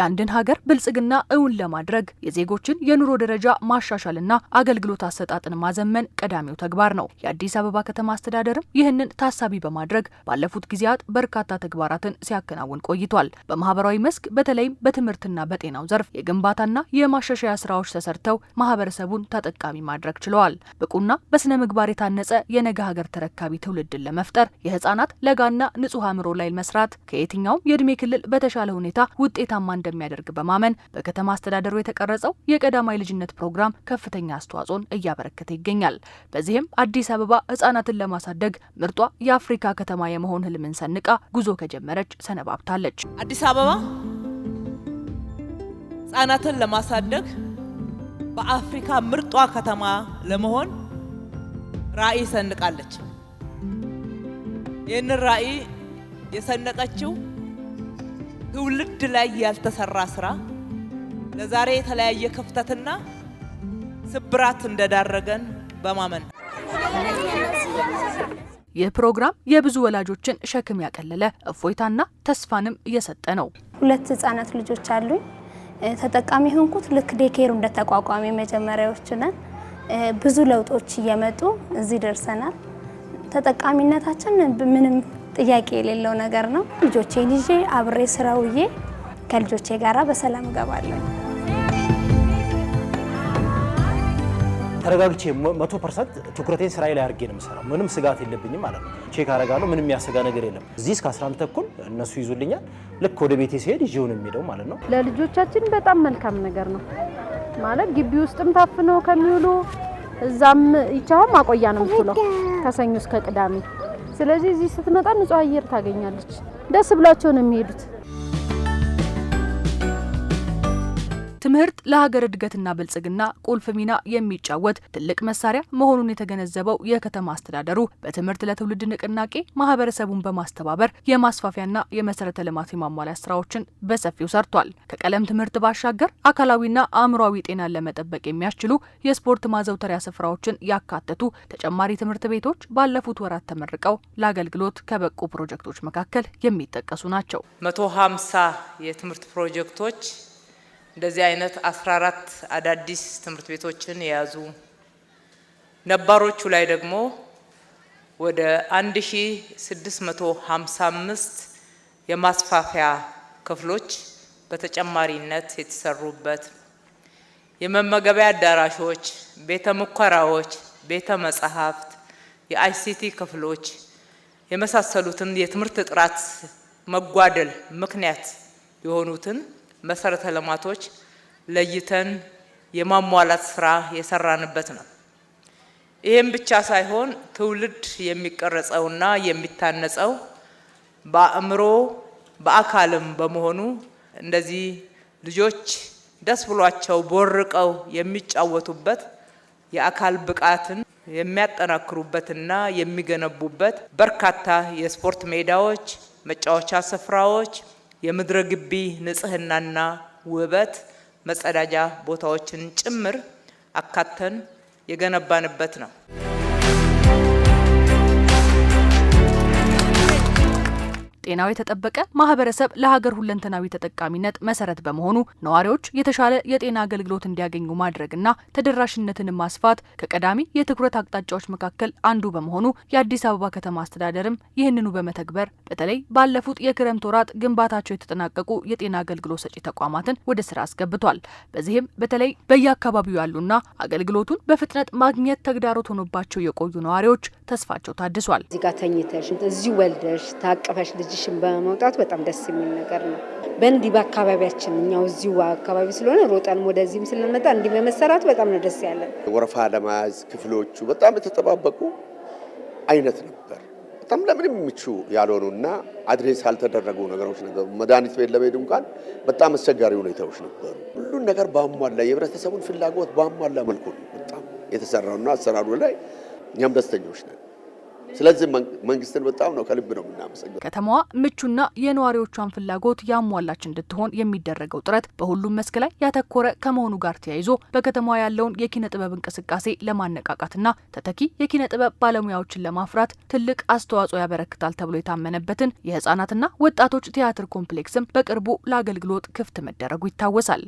የአንድን ሀገር ብልጽግና እውን ለማድረግ የዜጎችን የኑሮ ደረጃ ማሻሻልና አገልግሎት አሰጣጥን ማዘመን ቀዳሚው ተግባር ነው። የአዲስ አበባ ከተማ አስተዳደርም ይህንን ታሳቢ በማድረግ ባለፉት ጊዜያት በርካታ ተግባራትን ሲያከናውን ቆይቷል። በማህበራዊ መስክ በተለይም በትምህርትና በጤናው ዘርፍ የግንባታና የማሻሻያ ስራዎች ተሰርተው ማህበረሰቡን ተጠቃሚ ማድረግ ችለዋል። ብቁና በስነ ምግባር የታነጸ የነገ ሀገር ተረካቢ ትውልድን ለመፍጠር የህፃናት ለጋና ንጹህ አእምሮ ላይ መስራት ከየትኛውም የእድሜ ክልል በተሻለ ሁኔታ ውጤታማ እንደ እንደሚያደርግ በማመን በከተማ አስተዳደሩ የተቀረጸው የቀዳማይ ልጅነት ፕሮግራም ከፍተኛ አስተዋጽኦን እያበረከተ ይገኛል። በዚህም አዲስ አበባ ህጻናትን ለማሳደግ ምርጧ የአፍሪካ ከተማ የመሆን ህልምን ሰንቃ ጉዞ ከጀመረች ሰነባብታለች። አዲስ አበባ ህጻናትን ለማሳደግ በአፍሪካ ምርጧ ከተማ ለመሆን ራዕይ ሰንቃለች። ይህንን ራዕይ የሰነቀችው ትውልድ ላይ ያልተሰራ ስራ ለዛሬ የተለያየ ክፍተትና ስብራት እንደዳረገን በማመን ይህ ፕሮግራም የብዙ ወላጆችን ሸክም ያቀለለ እፎይታና ተስፋንም እየሰጠ ነው። ሁለት ህጻናት ልጆች አሉኝ። ተጠቃሚ ሆንኩት ልክ ዴኬሩ እንደተቋቋሚ መጀመሪያዎች ነን። ብዙ ለውጦች እየመጡ እዚህ ደርሰናል። ተጠቃሚነታችን ምንም ጥያቄ የሌለው ነገር ነው። ልጆቼን ይዤ አብሬ ስራውዬ ከልጆቼ ጋራ በሰላም እገባለሁ። ተረጋግቼ መቶ ፐርሰንት ትኩረቴን ስራዬ ላይ አድርጌ ነው የምሰራው። ምንም ስጋት የለብኝም ማለት ነው። ቼክ አደርጋለሁ። ምንም የሚያሰጋ ነገር የለም። እዚህ እስከ 11 ተኩል እነሱ ይዙልኛል። ልክ ወደ ቤቴ ሲሄድ ይዤው ነው የሚሄደው ማለት ነው። ለልጆቻችን በጣም መልካም ነገር ነው ማለት ግቢ ውስጥም ታፍነው ከሚውሉ እዛም ይቻውም ማቆያ ነው የምትውለው ከሰኞ እስከ ቅዳሜ ስለዚህ እዚህ ስትመጣ ንጹህ አየር ታገኛለች። ደስ ብላቸው ነው የሚሄዱት። ትምህርት ለሀገር እድገትና ብልጽግና ቁልፍ ሚና የሚጫወት ትልቅ መሳሪያ መሆኑን የተገነዘበው የከተማ አስተዳደሩ በትምህርት ለትውልድ ንቅናቄ ማህበረሰቡን በማስተባበር የማስፋፊያና የመሰረተ ልማት የማሟላት ስራዎችን በሰፊው ሰርቷል። ከቀለም ትምህርት ባሻገር አካላዊና አእምሯዊ ጤናን ለመጠበቅ የሚያስችሉ የስፖርት ማዘውተሪያ ስፍራዎችን ያካተቱ ተጨማሪ ትምህርት ቤቶች ባለፉት ወራት ተመርቀው ለአገልግሎት ከበቁ ፕሮጀክቶች መካከል የሚጠቀሱ ናቸው። መቶ ሀምሳ የትምህርት ፕሮጀክቶች እንደዚህ አይነት አስራ አዳዲስ ትምህርት ቤቶችን የያዙ ነባሮቹ ላይ ደግሞ ወደ 1655 የማስፋፊያ ክፍሎች በተጨማሪነት የተሰሩበት የመመገቢያ አዳራሾች፣ ቤተ ሙከራዎች፣ ቤተ መጻሕፍት፣ የአይሲቲ ክፍሎች የመሳሰሉትን የትምህርት ጥራት መጓደል ምክንያት የሆኑትን መሰረተ ልማቶች ለይተን የማሟላት ስራ የሰራንበት ነው። ይህም ብቻ ሳይሆን ትውልድ የሚቀረጸውና የሚታነጸው በአእምሮ በአካልም በመሆኑ እንደዚህ ልጆች ደስ ብሏቸው ቦርቀው የሚጫወቱበት የአካል ብቃትን የሚያጠናክሩበትና የሚገነቡበት በርካታ የስፖርት ሜዳዎች፣ መጫወቻ ስፍራዎች የምድረ ግቢ ንጽህናና ውበት መጸዳጃ ቦታዎችን ጭምር አካተን የገነባንበት ነው። ጤናው የተጠበቀ ማህበረሰብ ለሀገር ሁለንተናዊ ተጠቃሚነት መሰረት በመሆኑ ነዋሪዎች የተሻለ የጤና አገልግሎት እንዲያገኙ ማድረግና ተደራሽነትን ማስፋት ከቀዳሚ የትኩረት አቅጣጫዎች መካከል አንዱ በመሆኑ የአዲስ አበባ ከተማ አስተዳደርም ይህንኑ በመተግበር በተለይ ባለፉት የክረምት ወራት ግንባታቸው የተጠናቀቁ የጤና አገልግሎት ሰጪ ተቋማትን ወደ ስራ አስገብቷል። በዚህም በተለይ በየአካባቢው ያሉና አገልግሎቱን በፍጥነት ማግኘት ተግዳሮት ሆኖባቸው የቆዩ ነዋሪዎች ተስፋቸው ታድሷል። እዚህ ጋር ተኝተሽ እዚሁ ወልደሽ ታቅፈሽ ልጅ ዲሽን በመውጣት በጣም ደስ የሚል ነገር ነው። በእንዲህ በአካባቢያችን እኛው እዚሁ አካባቢ ስለሆነ ሮጠን ወደዚህም ስንመጣ እንዲህ በመሰራት በጣም ነው ደስ ያለን። ወረፋ ለመያዝ ክፍሎቹ በጣም የተጠባበቁ አይነት ነበር። በጣም ለምንም የምቹ ያልሆኑ እና አድሬስ ያልተደረጉ ነገሮች ነበሩ። መድኃኒት ቤት ለቤት እንኳን በጣም አስቸጋሪ ሁኔታዎች ነበሩ። ሁሉን ነገር በአሟላ የህብረተሰቡን ፍላጎት በአሟላ መልኩ ነው በጣም የተሰራውና አሰራሩ ላይ እኛም ደስተኞች ነን። ስለዚህ መንግስትን በጣም ነው ከልብ ነው የምናመሰግነው። ከተማዋ ምቹና የነዋሪዎቿን ፍላጎት ያሟላች እንድትሆን የሚደረገው ጥረት በሁሉም መስክ ላይ ያተኮረ ከመሆኑ ጋር ተያይዞ በከተማዋ ያለውን የኪነ ጥበብ እንቅስቃሴ ለማነቃቃትና ተተኪ የኪነ ጥበብ ባለሙያዎችን ለማፍራት ትልቅ አስተዋጽኦ ያበረክታል ተብሎ የታመነበትን የህጻናትና ወጣቶች ቲያትር ኮምፕሌክስም በቅርቡ ለአገልግሎት ክፍት መደረጉ ይታወሳል።